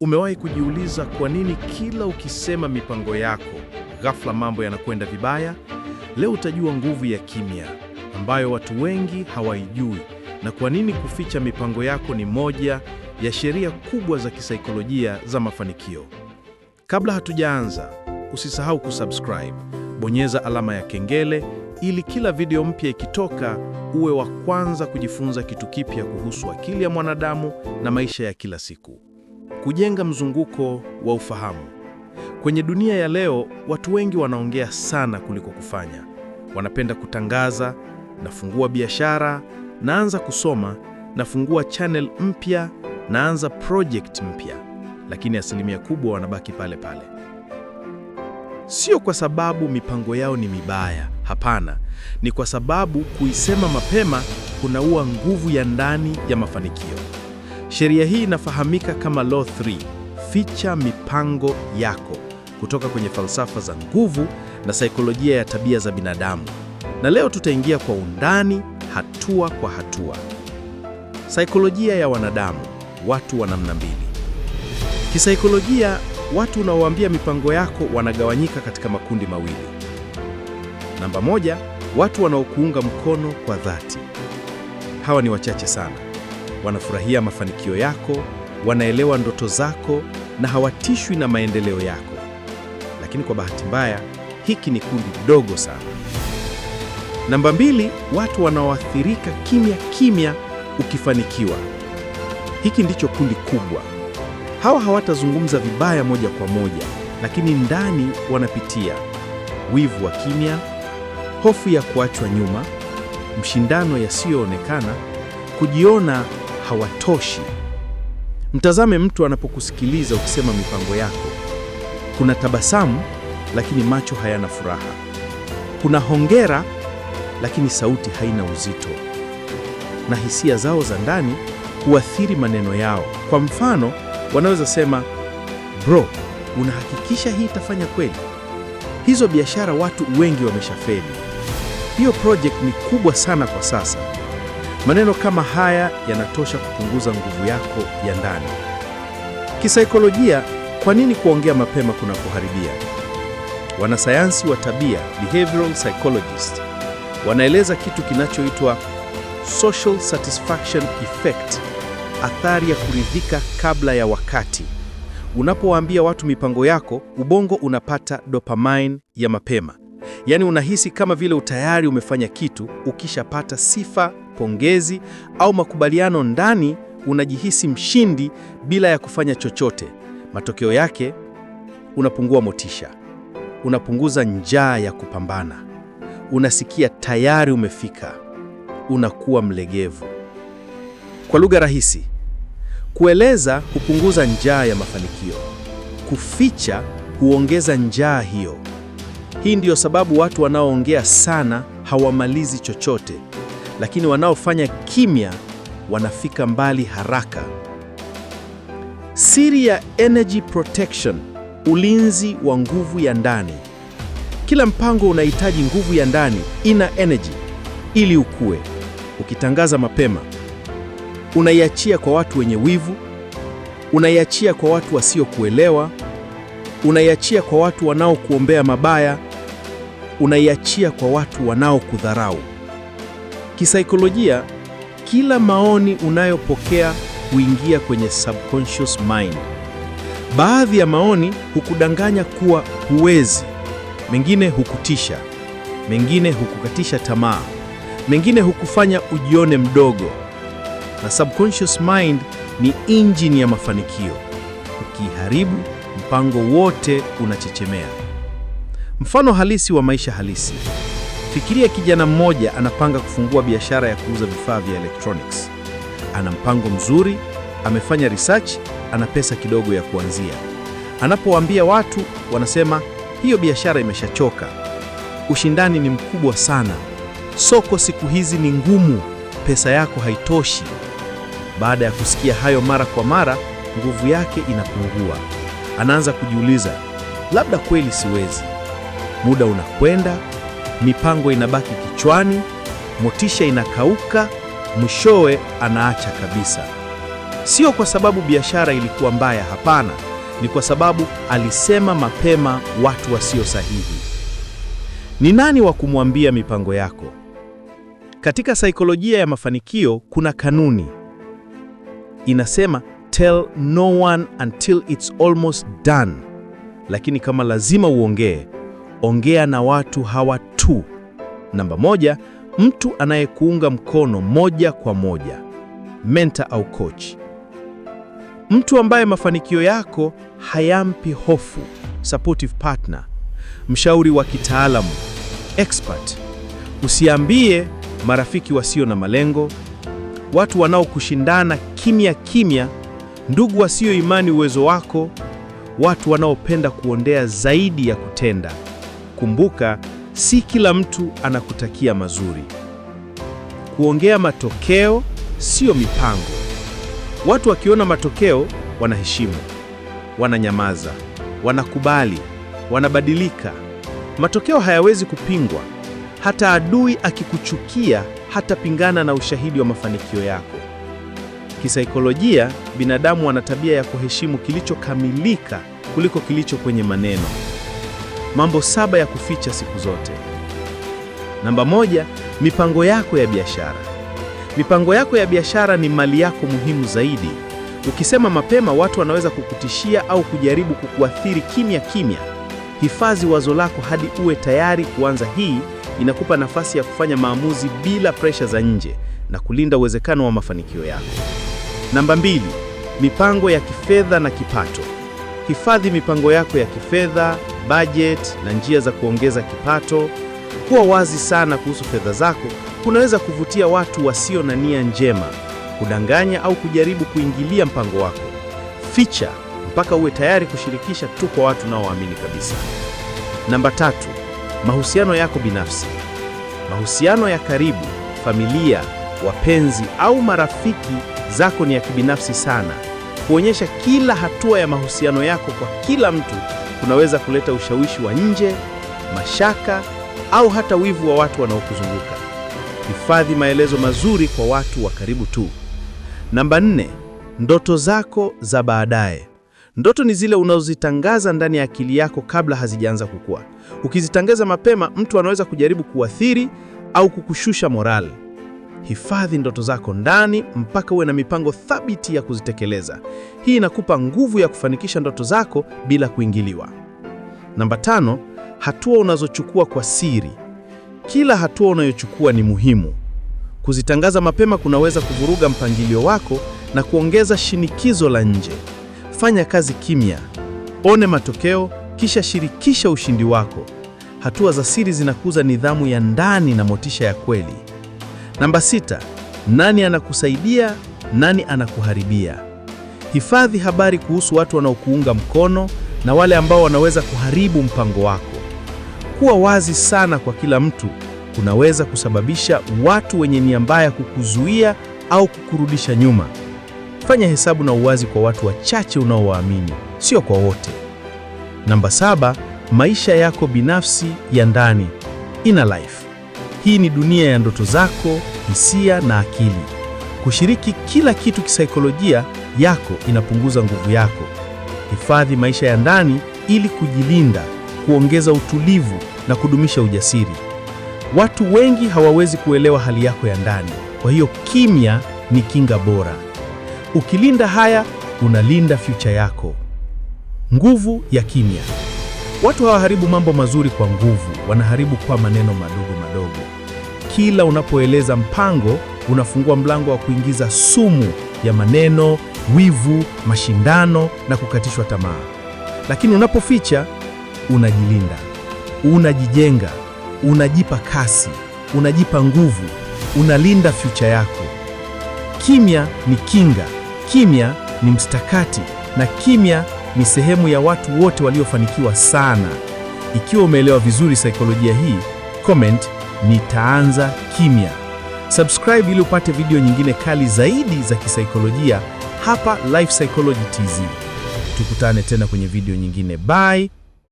Umewahi kujiuliza kwa nini kila ukisema mipango yako, ghafla mambo yanakwenda vibaya? Leo utajua nguvu ya kimya ambayo watu wengi hawaijui na kwa nini kuficha mipango yako ni moja ya sheria kubwa za kisaikolojia za mafanikio. Kabla hatujaanza, usisahau kusubscribe, bonyeza alama ya kengele ili kila video mpya ikitoka uwe wa kwanza kujifunza kitu kipya kuhusu akili ya mwanadamu na maisha ya kila siku kujenga mzunguko wa ufahamu. Kwenye dunia ya leo, watu wengi wanaongea sana kuliko kufanya. Wanapenda kutangaza, nafungua biashara, naanza kusoma, nafungua channel mpya, naanza project mpya, lakini asilimia kubwa wanabaki pale pale. Sio kwa sababu mipango yao ni mibaya, hapana. Ni kwa sababu kuisema mapema kunaua nguvu ya ndani ya mafanikio. Sheria hii inafahamika kama Law 3, ficha mipango yako, kutoka kwenye falsafa za nguvu na saikolojia ya tabia za binadamu. Na leo tutaingia kwa undani, hatua kwa hatua. Saikolojia ya wanadamu, watu wa namna mbili. Kisaikolojia, watu unaowaambia mipango yako wanagawanyika katika makundi mawili. Namba moja, watu wanaokuunga mkono kwa dhati. Hawa ni wachache sana wanafurahia mafanikio yako, wanaelewa ndoto zako na hawatishwi na maendeleo yako. Lakini kwa bahati mbaya, hiki ni kundi dogo sana. Namba mbili, watu wanaoathirika kimya kimya ukifanikiwa. Hiki ndicho kundi kubwa. Hawa hawatazungumza vibaya moja kwa moja, lakini ndani wanapitia wivu wa kimya, hofu ya kuachwa nyuma, mshindano yasiyoonekana, kujiona hawatoshi. Mtazame mtu anapokusikiliza ukisema mipango yako. Kuna tabasamu lakini macho hayana furaha. Kuna hongera lakini sauti haina uzito. Na hisia zao za ndani huathiri maneno yao. Kwa mfano, wanaweza sema bro, unahakikisha hii itafanya kweli? Hizo biashara watu wengi wameshafeli. Hiyo project ni kubwa sana kwa sasa. Maneno kama haya yanatosha kupunguza nguvu yako ya ndani. Kisaikolojia, kwa nini kuongea mapema kuna kuharibia Wanasayansi wa tabia, behavioral wanaeleza kitu kinachoitwa social satisfaction effect, athari ya kuridhika kabla ya wakati. Unapowaambia watu mipango yako, ubongo unapata dopamine ya mapema, yaani unahisi kama vile utayari umefanya kitu ukishapata sifa pongezi au makubaliano ndani, unajihisi mshindi bila ya kufanya chochote. Matokeo yake unapungua motisha, unapunguza njaa ya kupambana, unasikia tayari umefika, unakuwa mlegevu. Kwa lugha rahisi, kueleza hupunguza njaa ya mafanikio, kuficha huongeza njaa hiyo. Hii ndiyo sababu watu wanaoongea sana hawamalizi chochote lakini wanaofanya kimya wanafika mbali haraka. Siri ya energy protection, ulinzi wa nguvu ya ndani. Kila mpango unahitaji nguvu ya ndani, ina energy, ili ukue. Ukitangaza mapema, unaiachia kwa watu wenye wivu, unaiachia kwa watu wasiokuelewa, unaiachia kwa watu wanaokuombea mabaya, unaiachia kwa watu wanaokudharau. Kisaikolojia, kila maoni unayopokea huingia kwenye subconscious mind. Baadhi ya maoni hukudanganya kuwa huwezi, mengine hukutisha, mengine hukukatisha tamaa, mengine hukufanya ujione mdogo. Na subconscious mind ni injini ya mafanikio. Ukiharibu, mpango wote unachechemea. Mfano halisi wa maisha halisi. Fikiria kijana mmoja anapanga kufungua biashara ya kuuza vifaa vya electronics. Ana mpango mzuri, amefanya research, ana pesa kidogo ya kuanzia. Anapowaambia watu, wanasema hiyo biashara imeshachoka, ushindani ni mkubwa sana, soko siku hizi ni ngumu, pesa yako haitoshi. Baada ya kusikia hayo mara kwa mara, nguvu yake inapungua. Anaanza kujiuliza, labda kweli siwezi. Muda unakwenda mipango inabaki kichwani, motisha inakauka, mwishowe anaacha kabisa. Sio kwa sababu biashara ilikuwa mbaya, hapana. Ni kwa sababu alisema mapema watu wasio sahihi. Ni nani wa kumwambia mipango yako? Katika saikolojia ya mafanikio kuna kanuni inasema, tell no one until it's almost done, lakini kama lazima uongee ongea na watu hawa tu. Namba moja, mtu anayekuunga mkono moja kwa moja, mentor au coach, mtu ambaye mafanikio yako hayampi hofu, supportive partner, mshauri wa kitaalamu expert. Usiambie marafiki wasio na malengo, watu wanaokushindana kimya kimya, ndugu wasioimani uwezo wako, watu wanaopenda kuondea zaidi ya kutenda. Kumbuka, si kila mtu anakutakia mazuri. Kuongea matokeo, sio mipango. Watu wakiona matokeo wanaheshimu, wananyamaza, wanakubali, wanabadilika. Matokeo hayawezi kupingwa. Hata adui akikuchukia hatapingana na ushahidi wa mafanikio yako. Kisaikolojia, binadamu wana tabia ya kuheshimu kilichokamilika kuliko kilicho kwenye maneno mambo saba ya kuficha siku zote. Namba moja, mipango yako ya biashara. Mipango yako ya biashara ni mali yako muhimu zaidi. Ukisema mapema, watu wanaweza kukutishia au kujaribu kukuathiri kimya kimya. Hifadhi wazo lako hadi uwe tayari kuanza. Hii inakupa nafasi ya kufanya maamuzi bila presha za nje na kulinda uwezekano wa mafanikio yako. Namba mbili, mipango ya kifedha na kipato hifadhi mipango yako ya kifedha, budget na njia za kuongeza kipato. Kuwa wazi sana kuhusu fedha zako kunaweza kuvutia watu wasio na nia njema, kudanganya au kujaribu kuingilia mpango wako. Ficha mpaka uwe tayari kushirikisha tu kwa watu unaowaamini kabisa. Namba tatu, mahusiano yako binafsi. Mahusiano ya karibu, familia, wapenzi au marafiki zako ni ya kibinafsi sana. Kuonyesha kila hatua ya mahusiano yako kwa kila mtu kunaweza kuleta ushawishi wa nje, mashaka au hata wivu wa watu wanaokuzunguka. Hifadhi maelezo mazuri kwa watu wa karibu tu. Namba nne, ndoto zako za baadaye. Ndoto ni zile unazozitangaza ndani ya akili yako kabla hazijaanza kukua. Ukizitangaza mapema, mtu anaweza kujaribu kuathiri au kukushusha morali hifadhi ndoto zako ndani mpaka uwe na mipango thabiti ya kuzitekeleza. Hii inakupa nguvu ya kufanikisha ndoto zako bila kuingiliwa. Namba tano, hatua unazochukua kwa siri. Kila hatua unayochukua ni muhimu. Kuzitangaza mapema kunaweza kuvuruga mpangilio wako na kuongeza shinikizo la nje. Fanya kazi kimya, one matokeo, kisha shirikisha ushindi wako. Hatua za siri zinakuza nidhamu ya ndani na motisha ya kweli. Namba sita, nani anakusaidia, nani anakuharibia? Hifadhi habari kuhusu watu wanaokuunga mkono na wale ambao wanaweza kuharibu mpango wako. Kuwa wazi sana kwa kila mtu kunaweza kusababisha watu wenye nia mbaya kukuzuia au kukurudisha nyuma. Fanya hesabu na uwazi kwa watu wachache unaowaamini, sio kwa wote. Namba saba, maisha yako binafsi ya ndani, inner life. Hii ni dunia ya ndoto zako, hisia na akili. Kushiriki kila kitu kisaikolojia yako inapunguza nguvu yako. Hifadhi maisha ya ndani ili kujilinda, kuongeza utulivu na kudumisha ujasiri. Watu wengi hawawezi kuelewa hali yako ya ndani, kwa hiyo kimya ni kinga bora. Ukilinda haya, unalinda future yako. Nguvu ya kimya. Watu hawaharibu mambo mazuri kwa nguvu, wanaharibu kwa maneno madogo madogo kila unapoeleza mpango, unafungua mlango wa kuingiza sumu ya maneno, wivu, mashindano na kukatishwa tamaa. Lakini unapoficha, unajilinda, unajijenga, unajipa kasi, unajipa nguvu, unalinda future yako. Kimya ni kinga, kimya ni mstakati, na kimya ni sehemu ya watu wote waliofanikiwa sana. Ikiwa umeelewa vizuri saikolojia hii, comment nitaanza kimya. Subscribe ili upate video nyingine kali zaidi za kisaikolojia hapa Life Psychology TZ. Tukutane tena kwenye video nyingine. Bye.